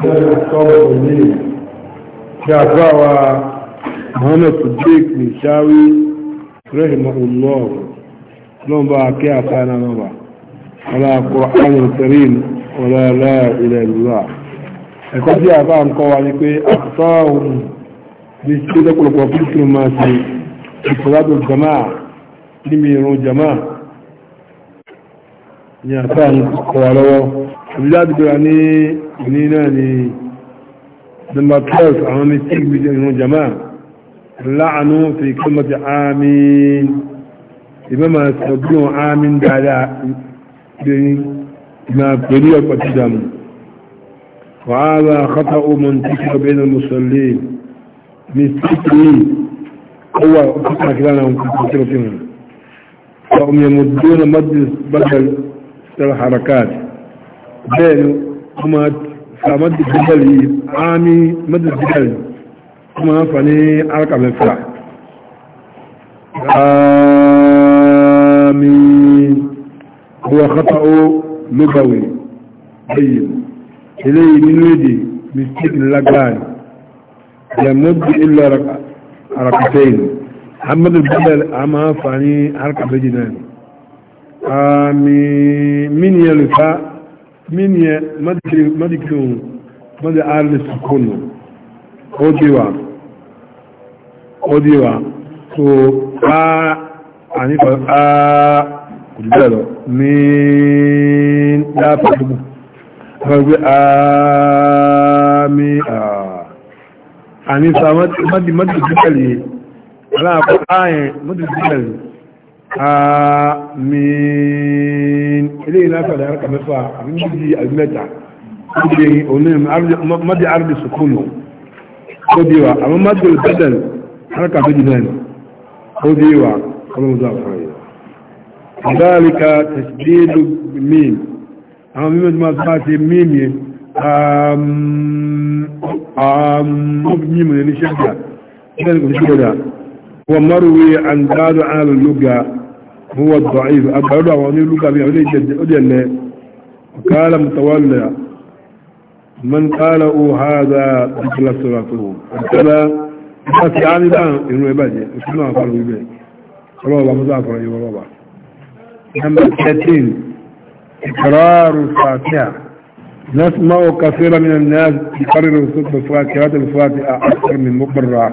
lẹ́yìn ọ̀sọ́rọ̀ òní ṣe àgbáwa Muhammad Sadiq Mishawi rahimahullah lọ́nba akẹ́ àfáàná nọ́ba wọlá Qur'an al-Karim wọlá la ilaha illallah ẹ̀kọ́ tí àbá ń kọ́ wa ní pé bí máa ṣe níbi ìrún jama'a نيتان قوالو بلاد يعني منين لما تلف عمامي سيك بجنه جماعة لعنوا في كلمة عامين ما سبيل عامين دالا بني ما بني وقتدام وعلى خطأ من تكر بين المصلين من هو قوة قطع فهم يمدون مجلس بدل ترى حركات بينه وما فمد الجبل عامي مد الجبل وما فني عرق من فرح آمين هو خطأ لغوي بين إليه من ويدي مستيق لغاني يمد إلا ركعتين حمد الجبل أما فاني حركة بجناني آمين من يلفا من ي مدري مدكون مدري آل سكون أوديوا أوديوا so a àníkọ̀ a kò jù bẹ́ẹ̀ lọ ní dáàpù àdúgbò ọgbẹ́ àmì àníṣà mọ́dìdìkẹ̀lì aláàpọ̀ ààyẹn mọ́dìdìkẹ̀lì آمين إلينا فلا يركب مفا بمجي المتع مجي أونين مدي عرب سكونه وديوا أما مدي البدن حركة في جنان وديوا قبل مضافة ذلك تسجيل ميم أما ميم ما سمعت ميم آم آم ميم اللي شجع إذا نقول شجع ومروي عن بعض أهل اللغة هو الضعيف أبعد عن لغة بيعمل جد قال متولى من قال هذا بكل الصلاة وقال بس يعني الآن إنه يبادي إنه أفعل صلى الله مضافر رأيه روابع نمبر 30 إقرار الفاتحة نسمع كثيرا من الناس يقرر صوت الفاتحة الفاتحة أكثر من مقرر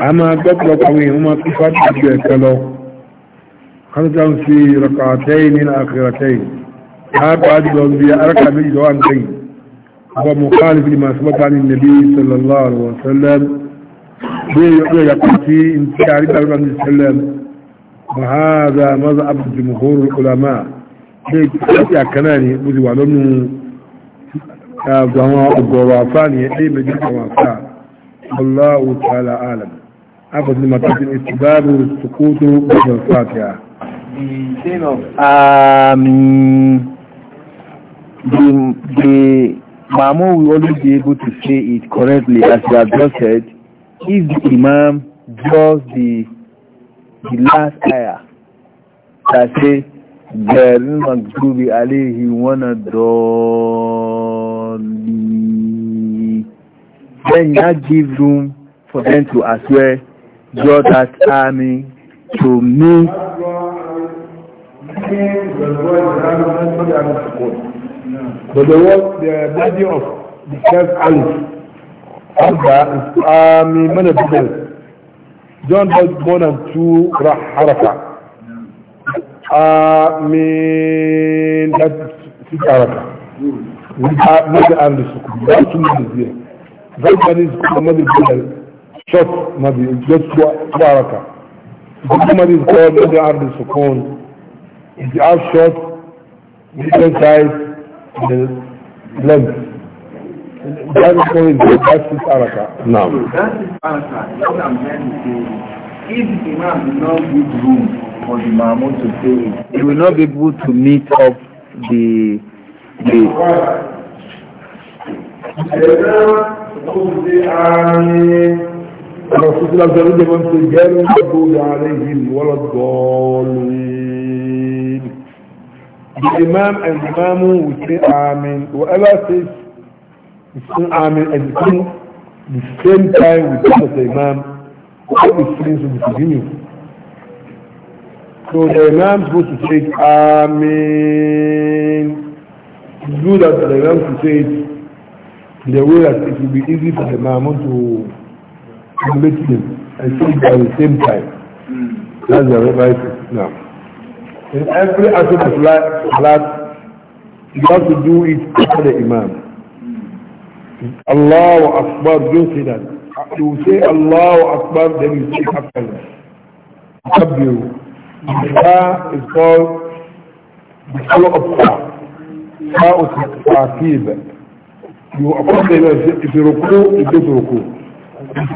أما قبل قوي هما فاتحة بيكلو خلقا في ركعتين الأخيرتين هذا بعد أركع الأنبياء ركع بجوانتين هو مخالف لما سبق عن النبي صلى الله عليه وسلم بي بيقتي انتشار النبي عليه وسلم وهذا مذهب جمهور العلماء بيقتي أكناني بذي وعلمه أبوها أبوافاني أي مجيء وافان الله تعالى أعلم أبد لما تجد استباب والسقوط بالفاتحة the saying of um, the, the Mamo will always be able to say it correctly as you have just said if the Imam draws the the last ayah that say Gẹ̀rin Magdubi Aléhi wọ́n dọ̀ọ̀lì. Then that gives room for them to as well draw that army to meet teaching the world around us not around the school. But the word, the body of the first Alif, Abba is Ami Manabidel. John was born on two Harafa. Amin, that's six Harafa. Mother and the school. That's two mothers here. Everybody is called Mother Bidel. Short Mother, just two Harafa. The mother is called Mother and the Sukun. If you have short, different size, the length. That is called the Basis Araka. Now. That is Araka. What I'm trying is, if the Imam will not give room for the Mahmoud to say it, he will not be able to meet up the the. الرسول صلى الله عليه وسلم قال غير المغضوب عليهم ولا الضالين The Imam and the Imam will say Amen. Whoever says Amen at the same, the same time with that of the Imam, all his sins will be forgiven. So the Imam go to say Amen. It's good that the Imam should say it in a way that it will be easy for the Imam to relate him and say it at the same time. That's the right now. in every aspect of life salat you have to do it after the imam Allahu Akbar don't say that you say Allahu Akbar then you say after that Kabir Isra is called the color of Sa Sa is Taqib you accompany them if you ruku you go to ruku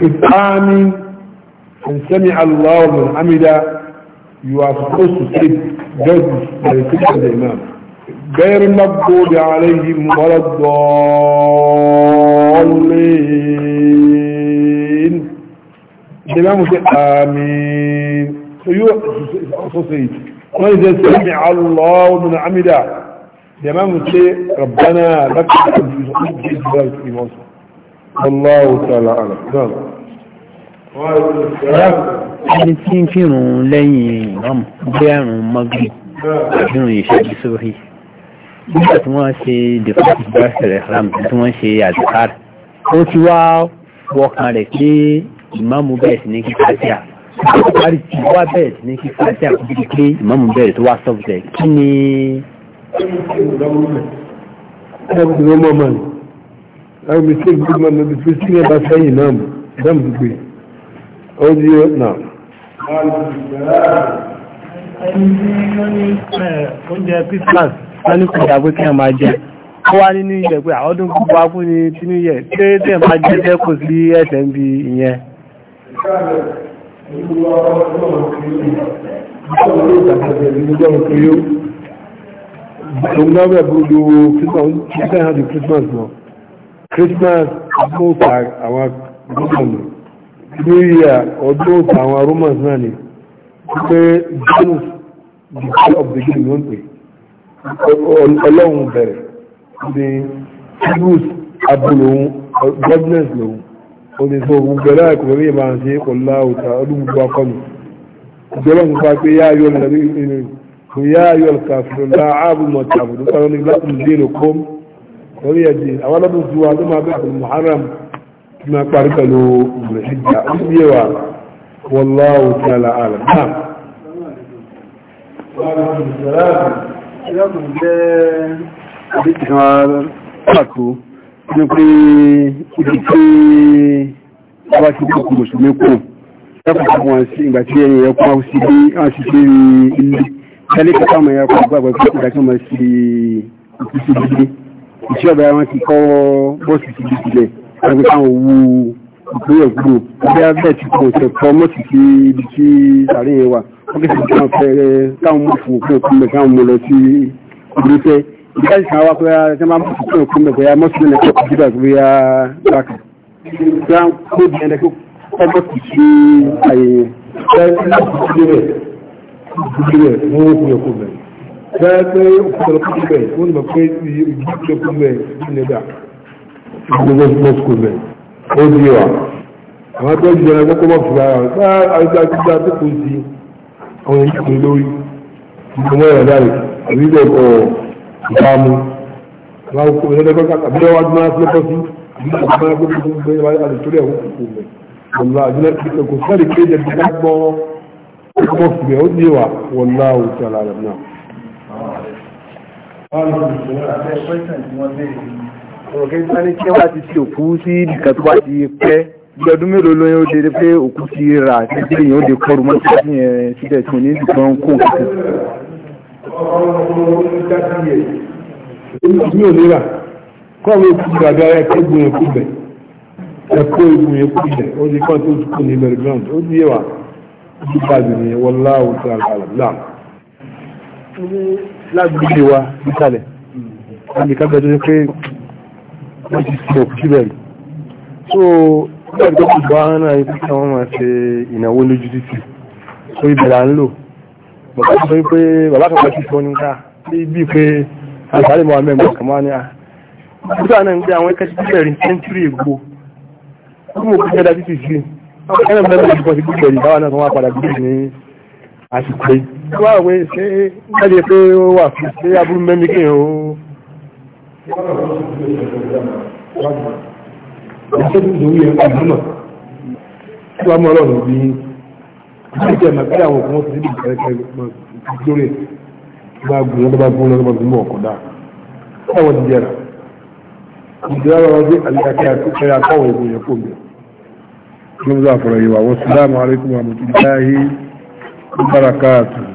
if Amin and Sami Allah and Amida you are supposed to sleep جد لكتاب الإمام غير المقبول عليهم ولا الضالين الإمام آمين سيؤسسي وإذا سمع الله من عمل الإمام ربنا لك الحمد تسعود في الله تعالى أعلم نعم. ẹni tí ń kírun lẹ́yìn ìmọ̀mù gbé àrùn mọ́gì kírun ìṣẹ́jú sórí nígbà tí wọ́n ṣe dìfọ́sì bẹ́ẹ̀sẹ̀rẹ̀ ram tí wọ́n ṣe àdìkár ó ti wá wọkàn rẹ̀ pé ìmọ̀mù bẹ̀rẹ̀ sí ní kíkà sí à àrí tí wá bẹ̀rẹ̀ sí ní kíkà sí à kó bí pé ìmọ̀mù bẹ̀rẹ̀ tó wá sọ́fùtẹ̀ kí ni ẹgbẹ̀rún mọ́mọ́ ni àwọn mistake gbogbo ọmọ ibi tí ó sì ń bá sẹ́yìn náà أوديو نعم oúnjẹ Christmas lọ́ní kò dàgbé kí ẹ máa jẹ ó wá nínú ilẹ̀ pé àọ́dún gbogbo akú ni tínú yẹ tí tẹ́ máa jẹ́ tẹ́kù sí ẹ̀sẹ̀ ń bi ìyẹn Ògbàwẹ̀ gbogbo Christmas Christmas lọ. Christmas, àpò àwọn gbogbo lóríyà ọdún òtà àwọn romans náà ni pé janus the god of the game ló ń pè ọlọ́run bẹ̀rẹ̀ ní hebrews abúlòun godness lòun ó ní sọ òun bẹ̀rẹ̀ àìkò bẹ̀rẹ̀ ìbá ṣe kò láòtà ọdún gbogbo akọni ìjọba ń pa pé yá ayọ́ lẹ́rí inú kò yá ayọ́ kàfìrò láàbù mọ̀tàbù tó sáré ní láti lè lè kó lórí ẹ̀dì àwọn ọlọ́dún tí wà tó máa bẹ̀rẹ̀ ما قرقلوا بالحجة أبيوا والله تعالى أعلم نعم وعليكم السلام ìdíkan pàtó ní pé ibi tí a bá ti kòkò mùsùlùmí kò lẹ́kọ̀ọ́ fún wọn sí ìgbà tí ẹni ẹkùn àwọn sí bí wọ́n sì ṣe rí ilé tẹ́lẹ̀ kẹta mọ̀ ẹkùn àgbàgbà pé kò dákẹ́ mọ̀ sí ìkú ìṣẹ́ ọ̀bẹ̀ wọn ti kọ́ bọ́ọ̀sì sí ilé láti káwọn owó ìpínlẹ̀ gbòò bí abẹ́ ti kò tẹ̀ pọ̀ mọ́tì sí ibi tí sàárè yẹn wà wọ́n kì í sì káwọn fẹ́rẹ́ káwọn mú fún òkú òkú mẹ́ káwọn mú lọ sí ìlú tẹ́ ìdíkà ìsìn àwọn akọ́yà tẹ́ máa mú fún òkú òkú mẹ́ bóyá mọ́tì lẹ́nu kọ́ kí bá bóyá bákan. ìgbà kó di ẹ̀dẹ́ kó mọ́tì sí àyè yẹn. bẹ́ẹ̀ ni gbogbo mọ́sùkù rẹ̀ ó di wa àwọn akẹ́kọ̀ọ́ ìjọba kọ́kọ́ mọ̀ fún ara rẹ̀ àìsí àtijọ́ àtìkù sí àwọn èyí kò lórí ìgbìmọ̀ ẹ̀rọ dáre àbí bẹ́ẹ̀ kọ́ ìbámu àwọn òkú ìrẹ́lẹ́ kọ́kọ́ àbí wọ́n adúmọ̀ afẹ́kọ́ sí àbí wọ́n adúmọ̀ afẹ́kọ́ sí gbé àdìtúrẹ́ àwọn òkú rẹ̀ ọ̀la àdúrà ọmọ fìgbẹ́ ó di wa wọ́lá òkú àlàyé ọ̀gá ìgbà ní kí wá ti ṣe òkú sí ìdìkan tó bá ti pẹ́ bí ọdún mélòó lóyún ó dédé pé òkú ti rà títí èèyàn ó lè kọrù mọ́ sí ẹ̀sìn yẹn síbẹ̀ tí mo ní ìdìkan kó nǹkan. mi ò ní rà kọ́ àwọn òkú rà bí ara ẹ̀kọ́ ìgbìyàn kú bẹ̀ ẹ̀kọ́ ìgbìyàn kú bẹ̀ ó di kọ́ tó ti kú ní mary brown ó di pé wọ́n ti fi so nígbà tó kù bá hánà ikú tí wọ́n máa ṣe ìnáwó lójú so ìbẹ̀rẹ̀ à ń lò bàbá tó sọ pé bàbá kan pẹ̀lú ìfọ́ níta bí bí pé àgbáyé mohammed mọ̀ kàmá ní à nígbà náà ń gbé àwọn ẹkẹ́ títí bẹ̀rẹ̀ sẹ́ńtúrì ègbò wọ́n mú òkú jẹ́dá títì sí àwọn ẹ̀rọ mẹ́rin ló ti pọ̀ sí gbígbẹ̀rẹ̀ ìbáwá náà tó wá padà gbígbẹ̀ ní àsìkò yìí wọ́n wá wẹ́ ṣé Ìjọba ọlọ́run bí i ṣe ẹ̀mà pé àwọn ọkùnrin ti ní ìkẹ́kẹ́ lórí bá gùn lọ́dọ́ bá gùn lọ́dọ́ bá gùn mọ́ ọ̀kọ̀dá. Ọwọ́ ti jẹ́ra. Ìjọba ọlọ́run bí àlẹ́kẹ́ àti kẹrẹ akọ́wọ̀ ìgbò yẹn fún mi. Ṣé ń zá àfọ̀rọ̀ yìí wà wọ́n sí láàmú arékùn àmì